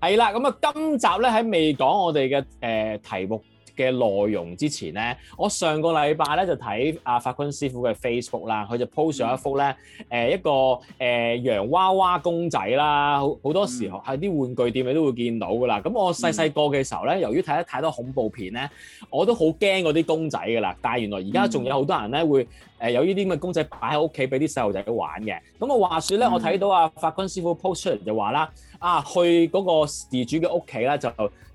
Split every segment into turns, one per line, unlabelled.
係啦，咁啊，今集咧喺未講我哋嘅誒題目，嘅內容之前咧，我上個禮拜咧就睇阿法坤師傅嘅 Facebook 啦，佢就 post 咗一幅咧，誒、嗯、一個誒洋、呃、娃娃公仔啦，好好多時候喺啲玩具店你都會見到噶啦。咁我細細個嘅時候咧、嗯，由於睇得太多恐怖片咧，我都好驚嗰啲公仔噶啦。但係原來而家仲有好多人咧、嗯、會誒有呢啲咁嘅公仔擺喺屋企俾啲細路仔玩嘅。咁我話説咧，我睇到阿法坤師傅 post 出嚟就話啦，啊去嗰個事主嘅屋企咧就。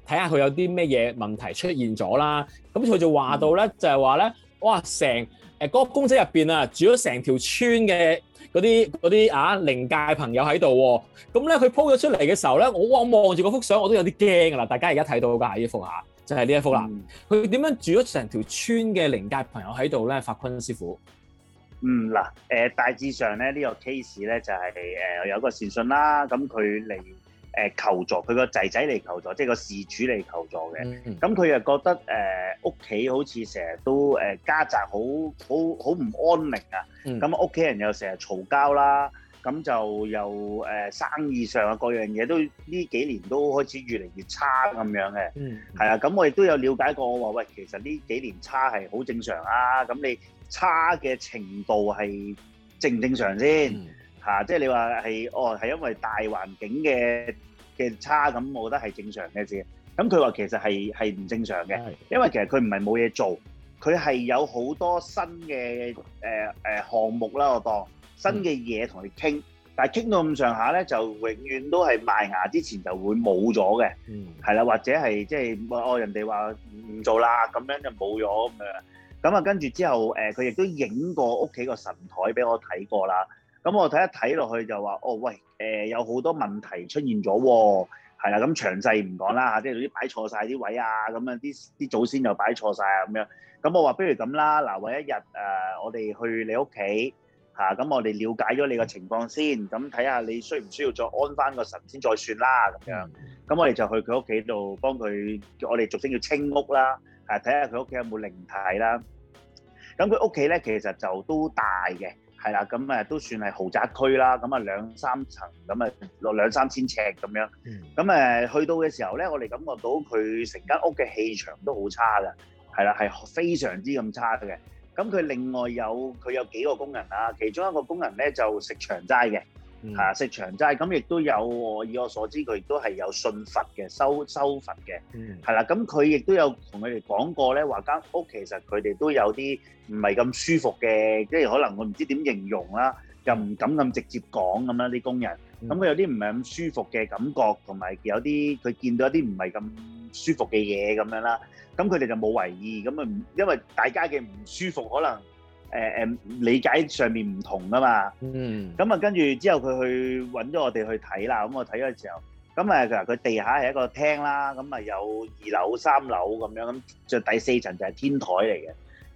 睇下佢有啲咩嘢問題出現咗啦，咁佢就話到咧，就係話咧，哇！成誒嗰個公仔入邊啊，住咗成條村嘅嗰啲嗰啲啊靈界朋友喺度喎，咁咧佢鋪咗出嚟嘅時候咧，我望住嗰幅相，我都有啲驚噶啦，大家而家睇到㗎呢幅畫，就係、是、呢一幅啦。佢、嗯、點樣住咗成條村嘅靈界朋友喺度咧？法坤師傅。
嗯嗱，誒、呃、大致上咧呢、這個 case 咧就係、是、誒、呃、有個善信啦，咁佢嚟。誒求助，佢個仔仔嚟求助，即係個事主嚟求助嘅。咁佢又覺得誒屋企好似成日都誒、呃、家宅好好好唔安寧啊。咁屋企人又成日嘈交啦，咁就又誒、呃、生意上啊各樣嘢都呢幾年都開始越嚟越差咁樣嘅。係、嗯、啊，咁我亦都有了解過，我話喂，其實呢幾年差係好正常啊。咁你差嘅程度係正唔正常先？嚇、嗯啊，即係你話係哦，係因為大環境嘅。嘅差咁，我覺得係正常嘅事。咁佢話其實係係唔正常嘅，因為其實佢唔係冇嘢做，佢係有好多新嘅誒、呃呃、項目啦。我當新嘅嘢同你傾，但係傾到咁上下咧，就永遠都係賣牙之前就會冇咗嘅，係、嗯、啦，或者係即係哦人哋話唔做啦，咁樣就冇咗咁樣。咁啊，跟住之後誒，佢亦都影過屋企個神台俾我睇過啦。咁我睇一睇落去就話，哦喂，誒、呃、有好多問題出現咗喎，係啦，咁詳細唔講啦嚇，即係總之擺錯曬啲位啊，咁樣啲啲祖先又擺錯晒、呃、啊，咁樣。咁我話不如咁啦，嗱，揾一日誒，我哋去你屋企嚇，咁我哋了解咗你個情況先，咁睇下你需唔需要再安翻個神先再算啦，咁樣。咁我哋就去佢屋企度幫佢，我哋俗稱叫清屋啦，嚇、啊，睇下佢屋企有冇靈體啦。咁佢屋企咧其實就都大嘅。係啦，咁誒都算係豪宅區啦，咁啊兩三層，咁啊落兩三千尺咁樣，咁誒去到嘅時候咧，我哋感覺到佢成間屋嘅氣場都好差㗎，係啦，係非常之咁差嘅。咁佢另外有佢有幾個工人啦，其中一個工人咧就食長齋嘅。係啊，食長齋咁，亦都有我以我所知，佢亦都係有信佛嘅，修修佛嘅，嗯，係啦。咁佢亦都有同佢哋講過咧，話間屋其實佢哋都有啲唔係咁舒服嘅，即係可能我唔知點形容啦，又唔敢咁直接講咁啦，啲工人。咁佢有啲唔係咁舒服嘅感覺，同埋有啲佢見到一啲唔係咁舒服嘅嘢咁樣啦。咁佢哋就冇為意，咁啊，因為大家嘅唔舒服可能。誒誒理解上面唔同啊嘛，嗯，咁啊跟住之後佢去揾咗我哋去睇啦，咁我睇嘅時候，咁啊佢話佢地下係一個廳啦，咁啊有二樓、三樓咁樣，咁就第四層就係天台嚟嘅。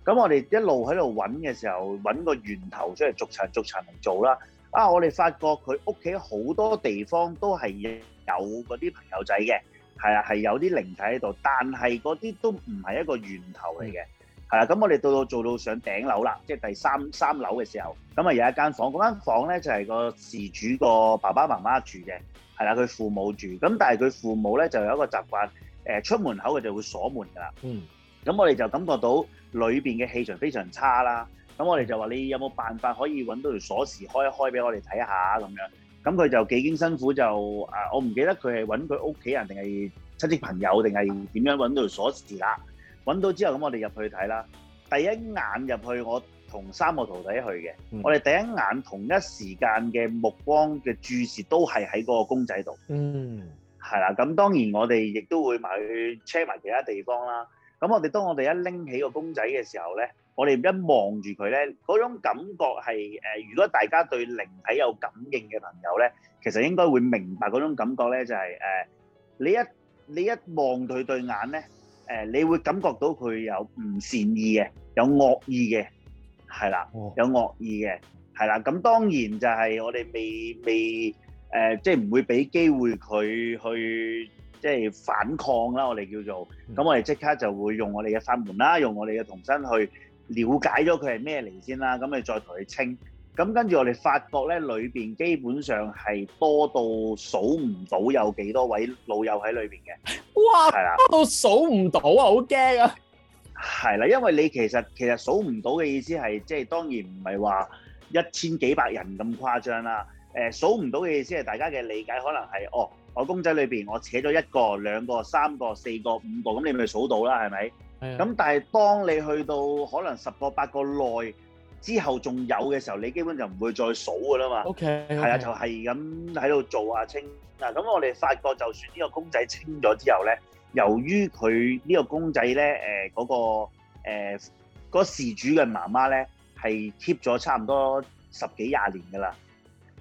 咁我哋一路喺度揾嘅時候，揾個源頭出嚟，逐層逐層嚟做啦。啊，我哋發覺佢屋企好多地方都係有嗰啲朋友仔嘅，係啊係有啲靈體喺度，但係嗰啲都唔係一個源頭嚟嘅。嗯係啦，咁我哋到到做到上頂樓啦，即係第三三樓嘅時候，咁啊有一間房，嗰間房咧就係、是、個事主個爸爸媽媽住嘅，係啦，佢父母住。咁但係佢父母咧就有一個習慣，呃、出門口佢就會鎖門㗎啦。嗯，咁我哋就感覺到裏邊嘅氣場非常差啦。咁我哋就話你有冇辦法可以揾到條鎖匙開一開俾我哋睇下咁樣。咁佢就幾經辛苦就誒，我唔記得佢係揾佢屋企人定係親戚朋友定係點樣揾到條鎖匙啦。揾到之後咁，我哋入去睇啦。第一眼入去，我同三個徒弟去嘅、嗯。我哋第一眼同一時間嘅目光嘅注視都係喺嗰個公仔度。嗯，係啦。咁當然我哋亦都會埋去 check 埋其他地方啦。咁我哋當我哋一拎起個公仔嘅時候咧，我哋一望住佢咧，嗰種感覺係誒、呃。如果大家對靈體有感應嘅朋友咧，其實應該會明白嗰種感覺咧，就係、是、誒、呃、你一你一望佢對，對眼咧。誒，你會感覺到佢有唔善意嘅，有惡意嘅，係啦、哦，有惡意嘅，係啦。咁當然就係我哋未未誒、呃，即係唔會俾機會佢去即係反抗啦。我哋叫做咁，我哋即刻就會用我哋嘅法門啦，用我哋嘅童身去了解咗佢係咩嚟先啦，咁你再同佢清。咁跟住我哋發覺咧，裏邊基本上係多到數唔到有幾多位老友喺裏邊嘅。
哇！係啦，多到數唔到啊，好驚啊！係
啦，因為你其實其實數唔到嘅意思係，即係當然唔係話一千幾百人咁誇張啦。誒，數唔到嘅意思係大家嘅理解可能係，哦，我公仔裏邊我扯咗一個、兩個、三個、四個、五個，咁你咪數到啦，係咪？咁但係當你去到可能十個八個內。之後仲有嘅時候，你基本就唔會再數㗎啦嘛。OK，係、okay. 啊，就係咁喺度做啊清啊。嗱咁我哋發覺，就算呢個公仔清咗之後咧，由於佢呢、呃嗰個公仔咧誒嗰個事主嘅媽媽咧係 keep 咗差唔多十幾廿年㗎啦，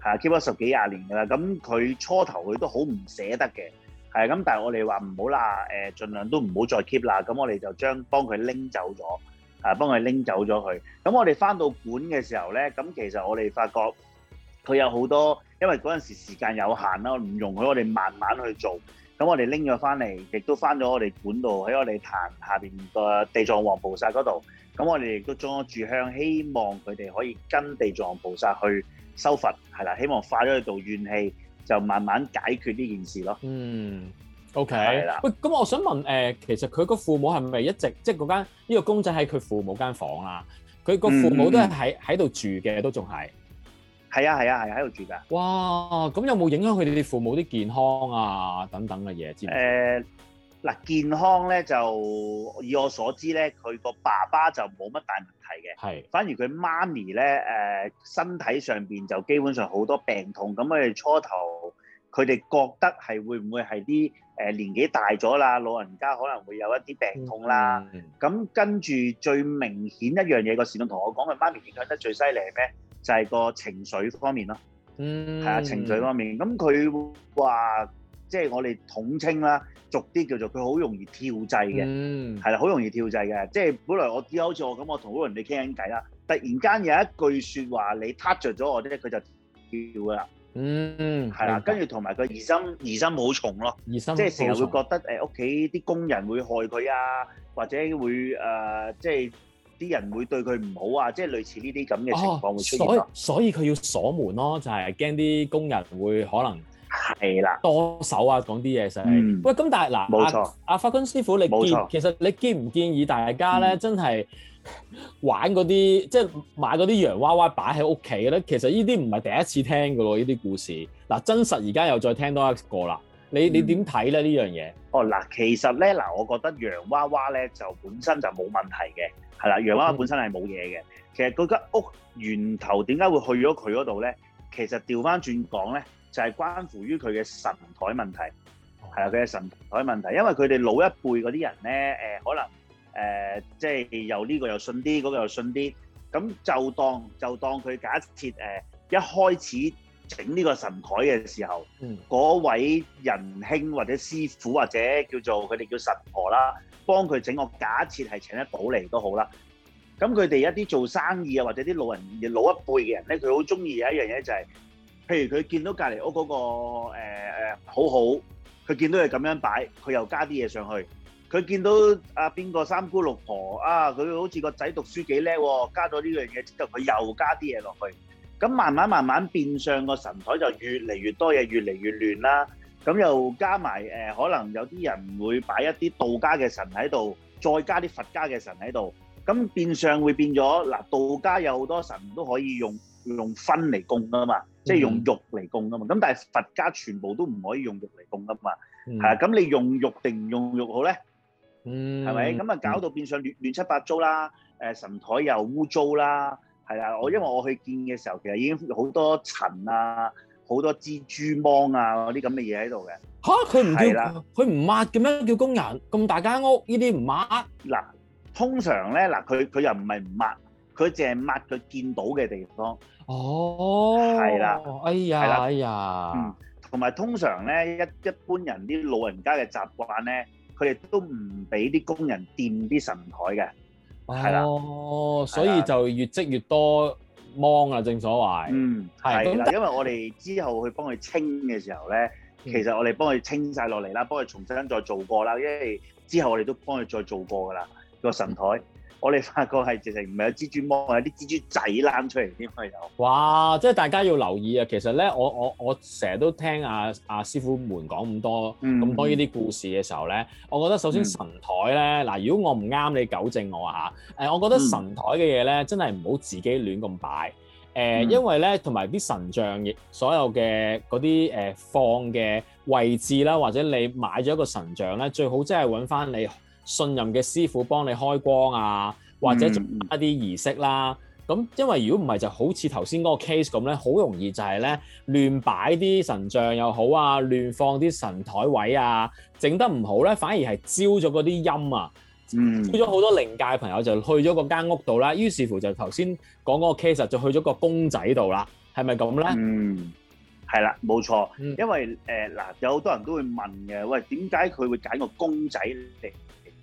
係啊 keep 咗十幾廿年㗎啦。咁佢初頭佢都好唔捨得嘅，係啊。咁但係我哋話唔好啦，誒盡量都唔好再 keep 啦。咁我哋就將幫佢拎走咗。啊！幫佢拎走咗佢。咁我哋翻到館嘅時候咧，咁其實我哋發覺佢有好多，因為嗰陣時時間有限啦，唔容許我哋慢慢去做。咁我哋拎咗翻嚟，亦都翻咗我哋館度，喺我哋壇下面個地藏王菩薩嗰度。咁我哋亦都裝咗住香，希望佢哋可以跟地藏王菩薩去修佛，係啦，希望化咗去做怨氣，就慢慢解決呢件事咯。嗯。
OK，喂，咁我想問，誒，其實佢個父母係咪一直即係嗰間呢個公仔喺佢父母間房啦？佢個父母都係喺喺度住嘅，都仲係，係啊，係
啊，係啊，喺度住㗎。
哇，咁有冇影響佢哋啲父母啲健康啊？等等嘅嘢之
誒，嗱，健康咧就以我所知咧，佢個爸爸就冇乜大問題嘅，係，反而佢媽咪咧誒身體上邊就基本上好多病痛，咁佢哋初頭。佢哋覺得係會唔會係啲誒年紀大咗啦，老人家可能會有一啲病痛啦。咁跟住最明顯的一樣嘢，個時尚同我講，個媽咪影響得最犀利咩？就係、是、個情緒方面咯。嗯，
係啊，情緒方
面。咁佢話即係我哋統稱啦，俗啲叫做佢好容易跳掣嘅，係、嗯、啦，好容易跳掣嘅。即、就、係、是、本來我好似我咁，我同好多人哋傾緊偈啦，突然間有一句説話你撻着咗我咧，佢就跳啦。
嗯，係啦，跟
住同埋佢疑心疑心好重咯，疑
心重即係成日會覺
得誒，屋企啲工人會害佢啊，或者會誒、呃，即係啲人會對佢唔好啊，即係類似呢啲咁嘅情況會出現。哦、所以
所以佢要鎖門咯，就係驚啲工人會可能係啦多手啊，講啲嘢，上嚟。喂，咁但係嗱，阿、呃、冇錯，啊、法官師傅，你建其實你建唔建議大家咧、嗯，真係？玩嗰啲即係買嗰啲洋娃娃擺喺屋企嘅咧，其實呢啲唔係第一次聽噶咯，呢啲故事嗱，真實而家又再聽多一個啦。你你點睇咧呢樣嘢，嗯？哦嗱，其實咧嗱，我覺得洋娃娃咧就本身就冇問題嘅，係啦，洋娃娃本身
係冇嘢嘅。其實嗰間屋源頭點解會去咗佢嗰度咧？其實調翻轉講咧，就係、是、關乎於佢嘅神台問題，係啦，佢嘅神台問題，因為佢哋老一輩嗰啲人咧，誒可能。誒、呃，即係又呢個又信啲，嗰、那個又信啲，咁就當就當佢假設誒、呃、一開始整呢個神台嘅時候，嗰、嗯、位仁兄或者師傅或者叫做佢哋叫神婆啦，幫佢整個假設係請得到嚟都好啦。咁佢哋一啲做生意啊，或者啲老人老一輩嘅人咧，佢好中意有一樣嘢就係、是，譬如佢見到隔離屋嗰、那個誒、呃、好好，佢見到佢咁樣擺，佢又加啲嘢上去。佢見到阿邊、啊、個三姑六婆啊，佢好似個仔讀書幾叻喎，加咗呢樣嘢之後，佢又加啲嘢落去，咁慢慢慢慢變相個神台就越嚟越多嘢，越嚟越亂啦。咁又加埋誒，可能有啲人會擺一啲道家嘅神喺度，再加啲佛家嘅神喺度，咁變相會變咗嗱。道家有好多神都可以用用分嚟供噶嘛，即係用肉嚟供噶嘛。咁但係佛家全部都唔可以用肉嚟供噶嘛，係啊、咁、嗯、你用肉定唔用肉好咧？嗯，係咪咁啊？就搞到變相亂亂七八糟啦！誒、呃，神台又污糟啦，係啦。我因為我去見嘅時候，其實已經好多塵啊，好多蜘蛛網啊，嗰啲咁嘅嘢喺度嘅。
嚇，佢唔叫佢唔抹嘅咩？叫工人咁大間屋，呢啲唔抹。
嗱，通常咧嗱，佢佢又唔係唔抹，佢淨係抹佢見到嘅地方。哦，
係啦，哎呀，哎呀，
同、嗯、埋通常咧，一一般人啲老人家嘅習慣咧。佢哋都唔俾啲工人掂啲神台嘅，係、哦、啦，
所以就越積越多芒啊！正所謂，嗯，
係啦、嗯，因為我哋之後去幫佢清嘅時候咧、嗯，其實我哋幫佢清晒落嚟啦，幫佢重新再做過啦，因為之後我哋都幫佢再做過噶啦個神台。嗯我哋發覺係直情唔係有蜘蛛網，係啲蜘蛛仔攬出嚟添，咪又。
哇！即係大家要留意啊，其實咧，我我我成日都聽阿、啊、阿、啊、師傅們講咁多咁、嗯、多呢啲故事嘅時候咧，我覺得首先神台咧，嗱、嗯，如果我唔啱你，糾正我吓。誒，我覺得神台嘅嘢咧，真係唔好自己亂咁擺。誒、呃嗯，因為咧，同埋啲神像嘅所有嘅嗰啲誒放嘅位置啦，或者你買咗一個神像咧，最好真係揾翻你。信任嘅師傅幫你開光啊，或者做一啲儀式啦。咁、嗯、因為如果唔係，就好似頭先嗰個 case 咁咧，好容易就係咧亂擺啲神像又好啊，亂放啲神台位啊，整得唔好咧，反而係招咗嗰啲陰啊。嗯。招咗好多靈界朋友就去咗嗰間屋度啦。於是乎就頭先講嗰個 case 就去咗個公仔度啦，係咪咁咧？嗯，係啦，冇錯、嗯。
因為誒嗱、呃，有好多人都會問嘅，喂點解佢會揀個公仔嚟？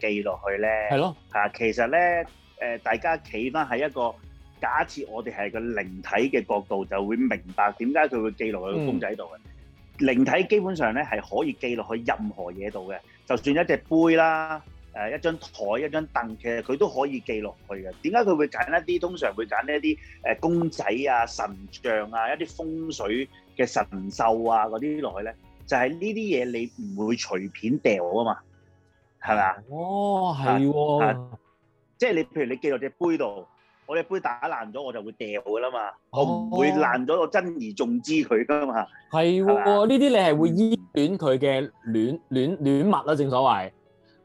記落去咧，係咯嚇。其實咧，誒、呃、大家企翻喺一個假設，我哋係個靈體嘅角度，就會明白點解佢會記落去的公仔度嘅、嗯。靈體基本上咧係可以記落去任何嘢度嘅，就算一隻杯啦，誒一張台、一張凳，其實佢都可以記落去嘅。點解佢會揀一啲通常會揀一啲誒公仔啊、神像啊、一啲風水嘅神獸啊嗰啲落去咧？就係呢啲嘢你唔會隨便掉啊嘛。
係嘛？哦，係喎、哦啊
啊，即係你，譬如你寄到隻杯度，我隻杯打爛咗，我就會掉噶啦嘛，哦、我唔會爛咗我珍而重
之佢噶嘛。係喎、哦，呢啲你係會依戀佢嘅戀戀戀物啦、啊，正所謂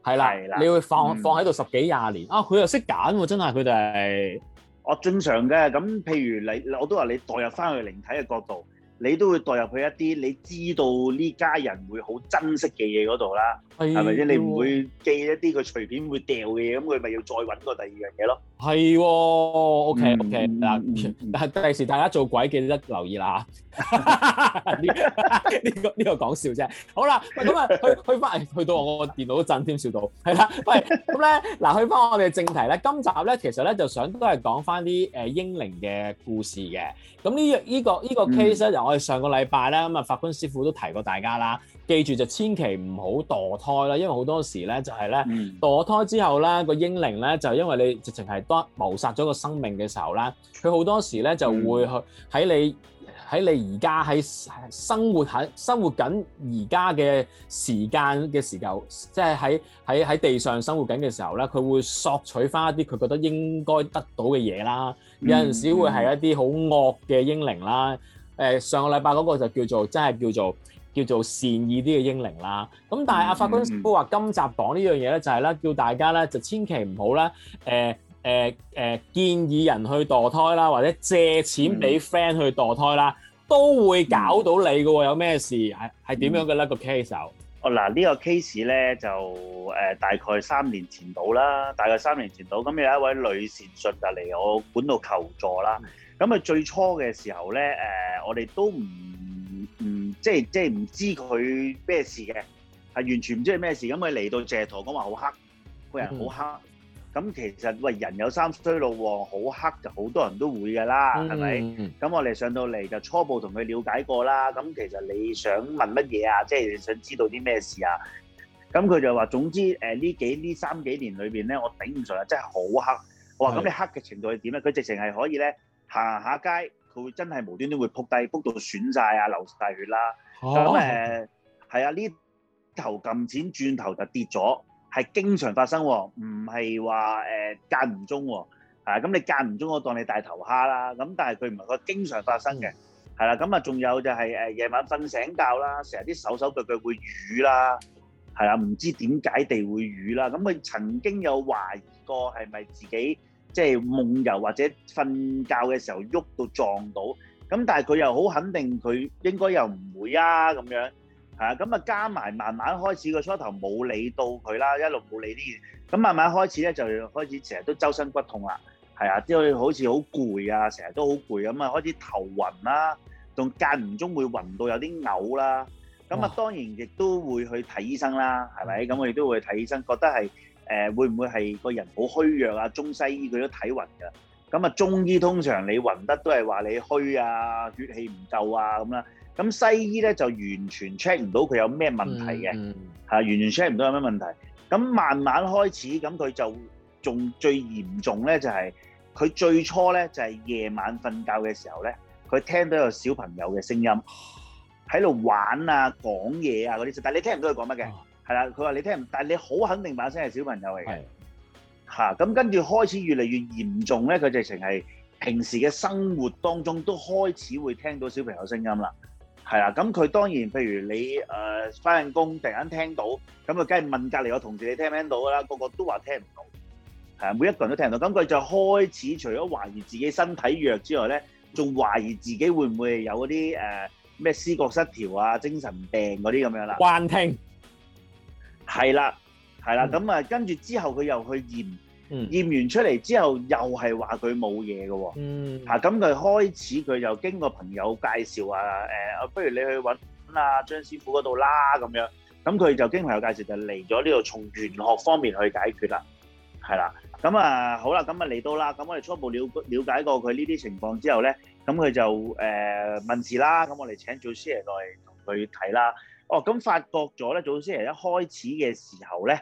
係啦，啦，你會放、嗯、放喺度十幾廿年啊！佢又識揀喎，真係佢哋，哦、就係、正常
嘅。咁譬如你，我都話你代入翻去靈體嘅角度。你都會代入去一啲你知道呢家人會好珍惜嘅嘢嗰度啦，
係咪先？你唔會
記一啲佢隨便會掉嘅嘢，咁佢咪要再揾個第二樣嘢咯？
係喎、啊、OK OK 嗱、嗯，第時、嗯、大家做鬼記得留意啦呢、 呢個呢、呢個講、呢個、笑啫，好啦，咁啊去去翻、哎、去到我個電腦震添，笑到係啦，喂咁咧嗱，去翻我哋正題咧，今集咧其實咧就想都係講翻啲誒英靈嘅故事嘅，咁、呢個呢個呢個、呢約依個依 case 咧就。嗯上個禮拜咧咁啊，法官師傅都提過大家啦。記住就千祈唔好墮胎啦，因為好多時咧就係咧墮胎之後咧、嗯，那個嬰靈咧就因為你直情係多謀殺咗個生命嘅時候咧，佢好多時咧就會去喺你喺你而家喺生活喺生活緊而家嘅時間嘅時候，即係喺喺喺地上生活緊嘅時候咧，佢會索取返一啲佢覺得應該得到嘅嘢啦。有陣時會係一啲好惡嘅嬰靈啦。誒上個禮拜嗰個就叫做，真係叫做叫做善意啲嘅英靈啦。咁但係阿法官都話，今集講呢樣嘢咧，就係咧，叫大家咧就千祈唔好咧，誒誒誒建議人去墮胎啦，或者借錢俾 friend 去墮胎啦，都會搞到你噶喎。有咩事係係點樣嘅咧？個 case 哦，這、嗱，個，呢個 case
咧就誒大概三年前到啦，大概三年前到，咁有一位女善信就嚟我館度求助啦。咁、嗯、佢最初嘅時候咧，誒、呃、我哋都唔唔即係即係唔知佢咩事嘅，完全唔知咩事。咁佢嚟到謝台講話好黑，個、嗯、人好黑。咁其實喂，人有三衰六旺，好黑就好多人都會嘅啦，係咪？咁、mm -hmm. 我哋上到嚟就初步同佢了解過啦。咁其實你想問乜嘢啊？即係你想知道啲咩事啊？咁佢就話：總之誒呢、呃、幾呢三幾年裏邊咧，我頂唔順啊，真係好黑。我話：咁你黑嘅程度係點咧？佢直情係可以咧，行下街，佢會真係無端端會撲低撲到損晒啊，流曬血啦。咁誒係啊，呢頭撳錢轉頭就跌咗。係經常發生，唔係話誒間唔中喎。咁你間唔中我當你大頭蝦啦。咁但係佢唔係個經常發生嘅，係啦。咁啊，仲、嗯啊 mm. 有就係誒夜晚瞓醒覺啦、啊，成日啲手手腳腳，腳會瘀啦、啊，係啦、啊，唔知點解地會瘀啦、啊。咁佢曾經有懷疑過係咪自己即係夢遊或者瞓覺嘅時候喐到撞到。咁但係佢又好肯定佢應該又唔會啊咁樣。係啊，咁啊加埋，慢慢開始個初頭冇理到佢啦，一路冇理啲嘢。咁慢慢開始咧就開始成日都周身骨痛啦，係啊，即係好似好攰啊，成日都好攰咁啊，開始頭暈啦，仲間唔中會暈到有啲嘔啦，咁啊當然亦都會去睇醫生啦，係咪？咁我亦都會睇醫生，覺得係誒會唔會係個人好虛弱啊？中西醫佢都睇暈㗎，咁啊中醫通常你暈得都係話你虛啊，血氣唔夠啊咁啦。咁西醫咧就完全 check 唔到佢有咩問題嘅嚇、嗯嗯，完全 check 唔到有咩問題。咁慢慢開始，咁佢就仲最嚴重咧，就係佢最初咧就係夜晚瞓覺嘅時候咧，佢聽到有小朋友嘅聲音喺度玩啊、講嘢啊嗰啲。但係你聽唔到佢講乜嘅係啦。佢、啊、話你聽唔，但係你好肯定把聲係小朋友嚟嘅。嚇咁跟住開始越嚟越嚴重咧，佢直情係平時嘅生活當中都開始會聽到小朋友嘅聲音啦。係啦，咁佢當然，譬如你誒翻緊工，突然間聽到，咁啊，梗係問隔離個同事你聽唔聽到㗎啦，個個都話聽唔到。係啊，每一個人都聽唔到，咁佢就開始除咗懷疑自己身體弱之外咧，仲懷疑自己會唔會有嗰啲誒咩思覺失調啊、精神病嗰啲咁樣啦。幻聽。係啦，係啦，咁啊，跟住之後佢又去驗。驗完出嚟之後，又係話佢冇嘢嘅喎。嗯。嚇、啊，咁佢開始佢就經過朋友介紹啊，誒、欸，不如你去揾阿、啊、張師傅嗰度啦，咁樣。咁佢就經朋友介紹就嚟咗呢度，從玄學方面去解決啦。係啦。咁啊，好啦，咁啊，嚟到啦。咁我哋初步了了解過佢呢啲情況之後咧，咁佢就誒、呃、問事啦。咁我哋請祖師爺嚟同佢睇啦。哦，咁發覺咗咧，祖師爺一開始嘅時候咧。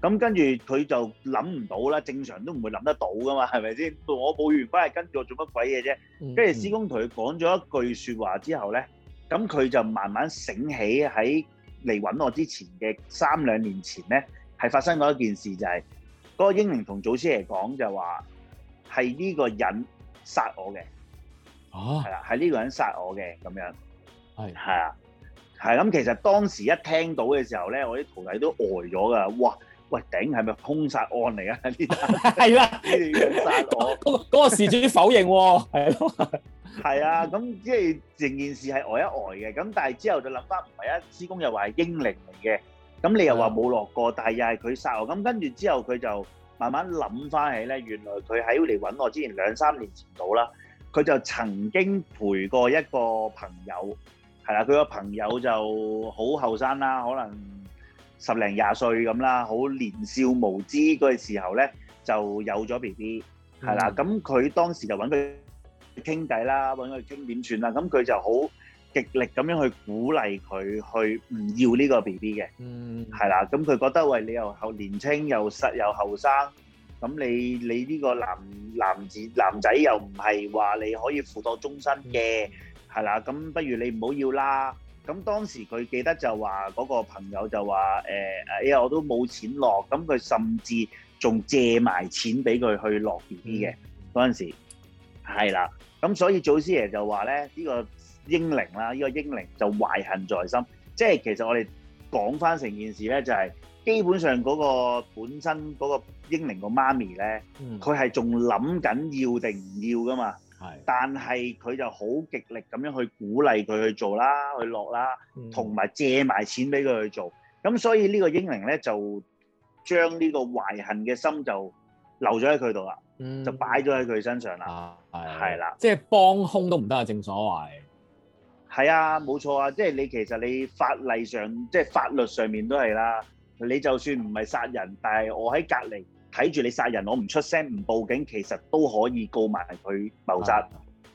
咁跟住佢就諗唔到啦，正常都唔會諗得到噶嘛，係咪先？我報完翻嚟跟住我做乜鬼嘢啫？跟住師公同佢講咗一句説話之後咧，咁佢就慢慢醒起喺嚟搵我之前嘅三兩年前咧，係發生過一件事，就是那個，就係嗰個英靈同祖師嚟講就話係呢個人殺我嘅，
係、啊、啦，
係呢個人殺我嘅咁樣，
係係啊，
係咁其實當時一聽到嘅時候咧，我啲徒弟都呆咗噶，哇！喂，頂係咪兇殺案嚟啊？呢單係啦， 殺我嗰、 嗰個事、
嗰個、主否認喎、哦，係 咯，
係啊，咁即係成件事係呆、呃、一呆、呃、嘅。咁但係之後就諗翻，唔係啊，師公又話係英靈嚟嘅，咁你又話冇落過，嗯、但係又係佢殺我。咁跟住之後，佢就慢慢諗翻起咧，原來佢喺嚟揾我之前兩三年前到啦，佢就曾經陪過一個朋友，係啦，佢個朋友就好後生啦，可能。十零廿歲咁啦，好年少無知嗰個時候咧，就有咗 B B，係啦。咁佢、嗯、當時就揾佢傾偈啦，揾佢傾點算啦。咁佢就好極力咁樣去鼓勵佢去唔要呢個 B B 嘅，係、嗯、啦。咁佢覺得喂，你又後年青又實又後生，咁你你呢個男男子男仔又唔係話你可以付託終身嘅，係、嗯、啦。咁不如你唔好要啦。咁當時佢記得就話嗰個朋友就話誒、誒、我都冇錢落。咁佢甚至仲借埋錢俾佢去落 BB 嘅嗰陣時，
係啦。
咁所以祖師爺就話咧，呢個嬰靈啦，呢個嬰靈就懷恨在心。即係其實我哋講返成件事咧，就係基本上嗰個本身嗰個嬰靈個媽咪咧，佢係仲諗緊要定唔要㗎嘛。係，但係佢就好極力咁樣去鼓勵佢去做啦，去落啦，同埋借埋錢俾佢去做。咁、嗯、所以呢個英靈咧就將呢個懷恨嘅心就留咗喺佢度啦，就擺咗喺佢身上
啦，係、啊、啦，即係幫兇都唔得啊！正所謂
係啊，冇錯啊！即係你其實你法例上，即係法律上面都係啦。你就算唔係殺人，但係我喺隔籬。睇住你殺人，我唔出聲唔報警，其實都可以告埋佢謀殺。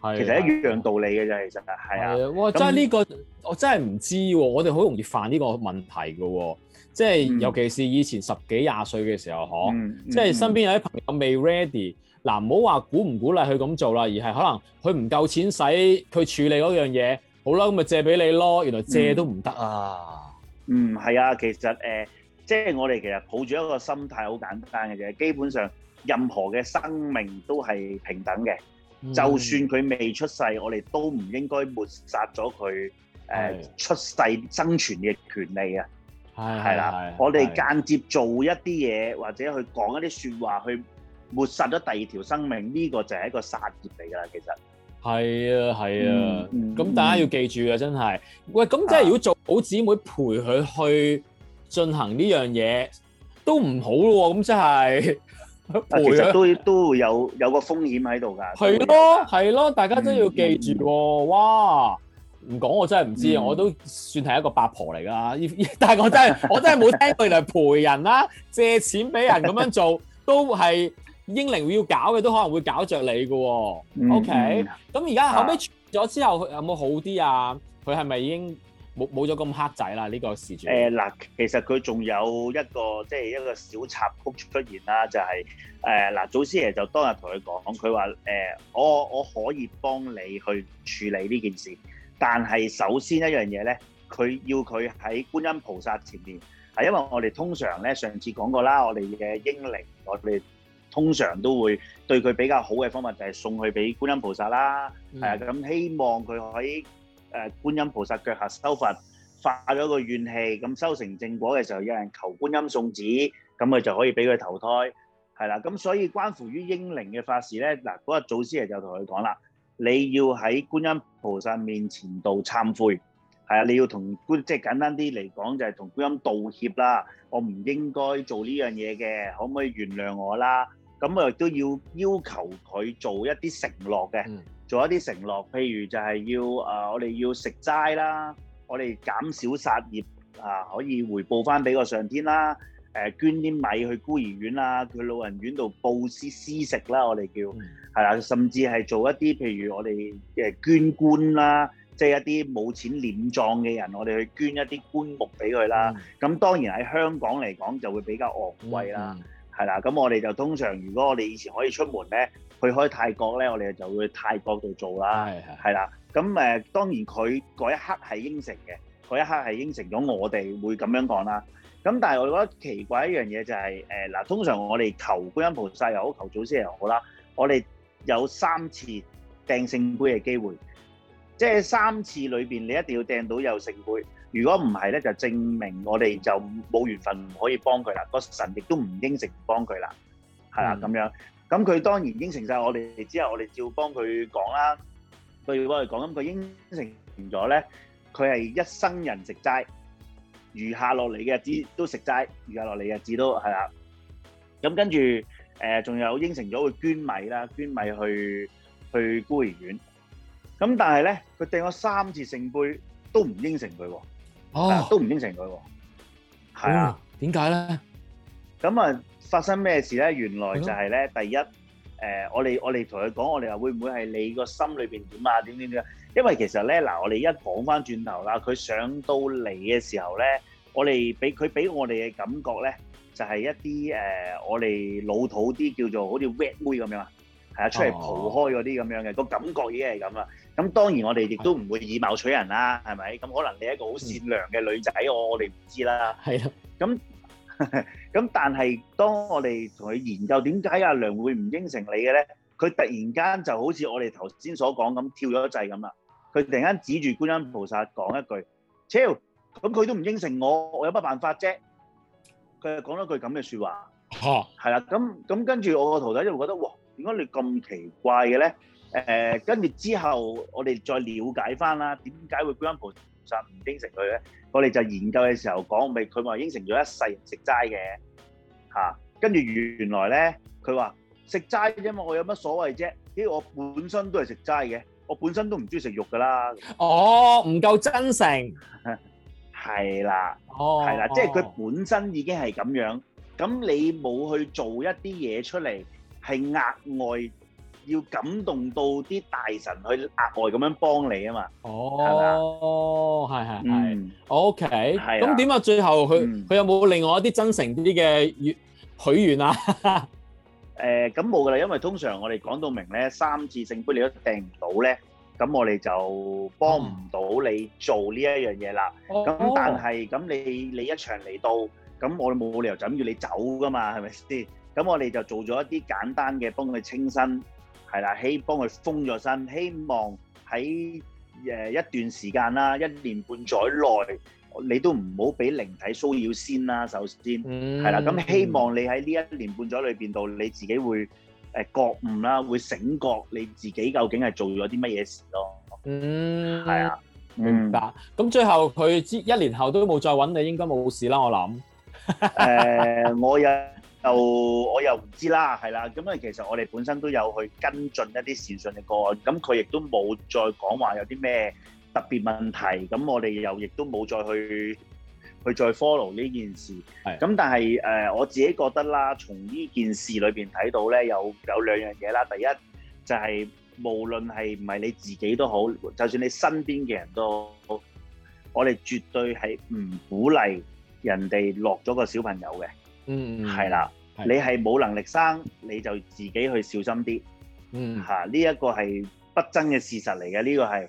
係、啊啊，其實是一樣道理嘅啫，其實係啊。哇、啊！這個、真係呢
個，我真係唔知喎。我哋好容易犯呢個問題嘅喎，即係尤其是以前十幾廿歲嘅時候，嗬、嗯嗯，即係身邊有啲朋友未 ready。嗱、嗯，唔好話鼓唔鼓勵佢咁做啦，而係可能佢唔夠錢使，佢處理嗰樣嘢，好啦，咁咪借俾你咯。原來借都唔得啊！
嗯，係、嗯、
啊，其實誒。呃即係我哋其實抱
住一個心態好簡單嘅啫，基本上任何嘅生命都係平等嘅，嗯，就算佢未出世，我哋都唔應該抹殺咗佢誒出世生存嘅權利啊！
係係啦，我哋間
接做一啲嘢或者去講一啲說話，去抹殺咗第二條生命，呢、這個就係一個
殺業嚟噶啦！其實係啊，係啊，咁、嗯、大家要記住嘅真係，喂，咁即係如果做好姊妹陪佢去。進行呢樣嘢都唔好咯喎，咁即係，其實都
都有都有個風險喺度噶。
係咯，係咯，大家都要記住喎、嗯嗯。哇，唔講我真係唔知啊、嗯！我都算係一個八婆嚟噶啦，但係我真係我真係冇聽過原來賠人啦、啊， 借錢俾人咁樣做都係英靈會要搞嘅，都可能會搞着你噶、嗯。OK，咁而家後尾除咗之後，佢有冇好啲啊？佢係咪已經？冇冇咗咁黑仔啦？呢、這個事主。嗱、呃，其實佢仲有一個即係、就是、一
個小插曲出現啦，就係誒嗱，祖師爺就當日同佢講，佢話誒我我可以幫你去處理呢件事，但係首先一樣嘢咧，佢要佢喺觀音菩薩前面，係因為我哋通常咧上次講過啦，我哋嘅英靈，我哋通常都會對佢比較好嘅方法就係送去俾觀音菩薩啦，係、嗯、啊，咁希望佢可以。誒，觀音菩薩腳下修佛，發咗個怨氣，咁修成正果嘅時候，有人求觀音送子，咁佢就可以俾佢投胎，係啦。咁所以關乎於英靈嘅法事咧，嗱，嗰日祖師爺就同佢講啦，你要喺觀音菩薩面前度懺悔，係啊，你要同觀，即係簡單啲嚟講，就係同觀音道歉啦，我唔應該做呢樣嘢嘅，可唔可以原諒我啦？咁我亦都要要求佢做一啲承諾嘅。做一啲承諾，譬如就係要啊、呃，我哋要食齋啦，我哋減少殺業啊、呃，可以回報翻俾個上天啦。誒、呃，捐啲米去孤兒院啦，去老人院度佈施施食啦，我哋叫係啦、嗯。甚至係做一啲譬如我哋誒捐棺啦，即係一啲冇錢殮葬嘅人，我哋去捐一啲棺木俾佢啦。咁、嗯、當然喺香港嚟講就會比較昂貴啦，係、嗯、啦。咁、嗯、我哋就通常如果我哋以前可以出門咧。去開泰國咧，我哋就會去泰國度做啦，係啦。咁誒，當然佢嗰一刻係應承嘅，嗰一刻係應承咗我哋會咁樣講啦。咁但係我覺得奇怪一樣嘢就係誒嗱，通常我哋求觀音菩薩又好，求祖師又好啦，我哋有三次掟聖杯嘅機會，即係三次裏邊你一定要掟到有聖杯。如果唔係咧，就證明我哋就冇緣分，唔可以幫佢啦。個神亦都唔應承唔幫佢啦，係啦咁樣。咁佢當然應承晒我哋之後，我哋照幫佢講啦。佢要幫我哋講咁，佢應承咗咧，佢係一生人食齋，餘下落嚟嘅日子都食齋，餘下落嚟嘅日子都係啦。咁、啊、跟住誒，仲、呃、有應承咗佢捐米啦，捐米去去孤兒院。咁但係咧，佢掟咗三次聖杯都唔應承佢喎，都唔應承佢喎，
係啊？點解咧？啊
咁啊，發生咩事咧？原來就係、是、咧、嗯，第一，誒、呃，我哋我哋同佢講，我哋話會唔會係你個心裏邊點啊？點點點？因為其實咧，嗱、呃，我哋一講翻轉頭啦，佢上到嚟嘅時候咧，我哋俾佢俾我哋嘅感覺咧，就係、是、一啲誒、呃，我哋老土啲叫做好似 wet 妹咁樣，係啊，出嚟蒲開嗰啲咁樣嘅、哦那個感覺已經是這樣，嘢係咁啊。咁當然我哋亦都唔會以貌取人啦、啊，係咪？咁可能你係一個好善良嘅女仔、嗯，我我哋唔知啦。係啦，咁。咁 但係當我哋同佢研究點解阿良會唔應承你嘅咧？佢突然間就好似我哋頭先所講咁跳咗掣咁啦。佢突然間指住觀音菩薩講一句：，超，咁佢都唔應承我，我有乜辦法啫？佢講咗句咁嘅說話。
嚇、啊，
係啦。咁咁跟住我個徒弟就會覺得：，哇，點解你咁奇怪嘅咧？誒、呃，跟住之後我哋再了解翻啦、啊，點解會觀音菩？就唔應承佢咧，我哋就研究嘅時候講，咪佢話應承咗一世唔食齋嘅，嚇。跟住原來咧，佢話食齋啫嘛，我有乜所謂啫？因為，我本身都係食齋嘅，我本身都唔中意食肉噶啦。
哦，唔夠真誠，
係啦，哦，係啦，即係佢本身已經係咁樣，咁你冇去做一啲嘢出嚟，係額外。要感動到啲大神去額外咁樣幫你啊嘛，
係咪啊？係係係，OK，係。咁點啊？最後佢佢有冇另外一啲真誠啲嘅願許願啊？誒，咁冇㗎啦，因為通常我哋講到明咧，三
次聖杯你都訂唔到咧，咁我哋就幫唔到你做呢一樣嘢啦。咁但係咁你你一場嚟到，咁我哋冇理由就咁要你走㗎嘛，係咪先？咁我哋就做咗一啲簡單嘅幫你清身。係啦，希望佢幫封咗身，希望喺誒一段時間啦，一年半載內，你都唔好俾靈體騷擾先啦。首先，係啦，咁希望你喺呢一年半載裏邊度，你自己會誒覺悟啦，會醒覺你自己究竟係做咗啲乜嘢事咯。嗯，
係啊，嗯。明白，咁最後佢之一年後都冇再揾你，應該冇事啦。我諗。誒，
我有。就我又唔知啦，係啦，咁啊，其實我哋本身都有去跟進一啲線上嘅個案，咁佢亦都冇再講話有啲咩特別問題，咁我哋又亦都冇再去去再 follow 呢件事。咁但係誒，我自己覺得啦，從呢件事裏邊睇到呢，有有兩樣嘢啦，第一就係，無論係唔係你自己都好，就算你身邊嘅人都好，我哋絕對係唔鼓勵人哋落咗個小朋友嘅。嗯，係啦，你係冇能力生，你就自己去小心啲。嗯，嚇呢一個係不爭嘅事實嚟嘅，呢、這個係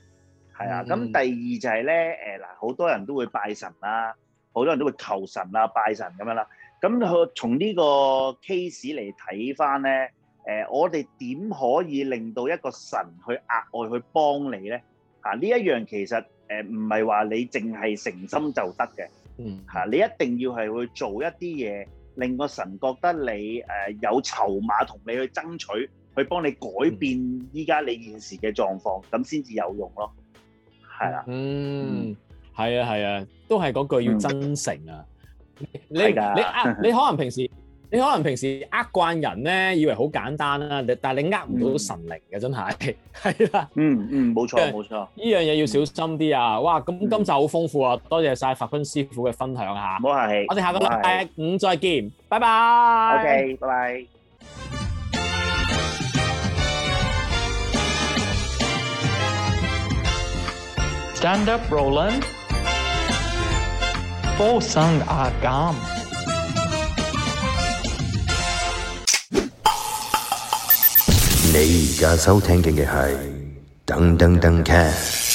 係啊。咁第二就係、是、咧，誒嗱，好多人都會拜神啦、啊，好多人都會求神啊、拜神咁樣啦、啊。咁去從呢個 case 嚟睇翻咧，誒、呃，我哋點可以令到一個神去額外去幫你咧？嚇、啊、呢一樣其實誒唔係話你淨係誠心就得嘅。嗯、mm -hmm. 啊，嚇你一定要係去做一啲嘢。令個神覺得你誒、呃、有籌碼同你去爭取，去幫你改變依家你現時嘅狀況，咁先至有用咯。
係啊，嗯，係啊，係啊，啊，都係嗰句要真誠啊。嗯、你你，你啊，你可能平時。 你可能平時呃慣人咧，以為好簡單啦、啊，但係你呃唔到神靈嘅真係，係啦，嗯嗯，冇錯冇錯，呢樣嘢要小心啲啊、嗯！哇，咁今集好豐富啊，嗯、多謝晒法官師傅嘅分享嚇、啊，唔好客氣，我哋下個禮拜五再見，拜拜，OK，拜拜 Stand up, Roland。For some, I g o m
你而家收聽嘅係《噔噔噔劇》dun dun dun。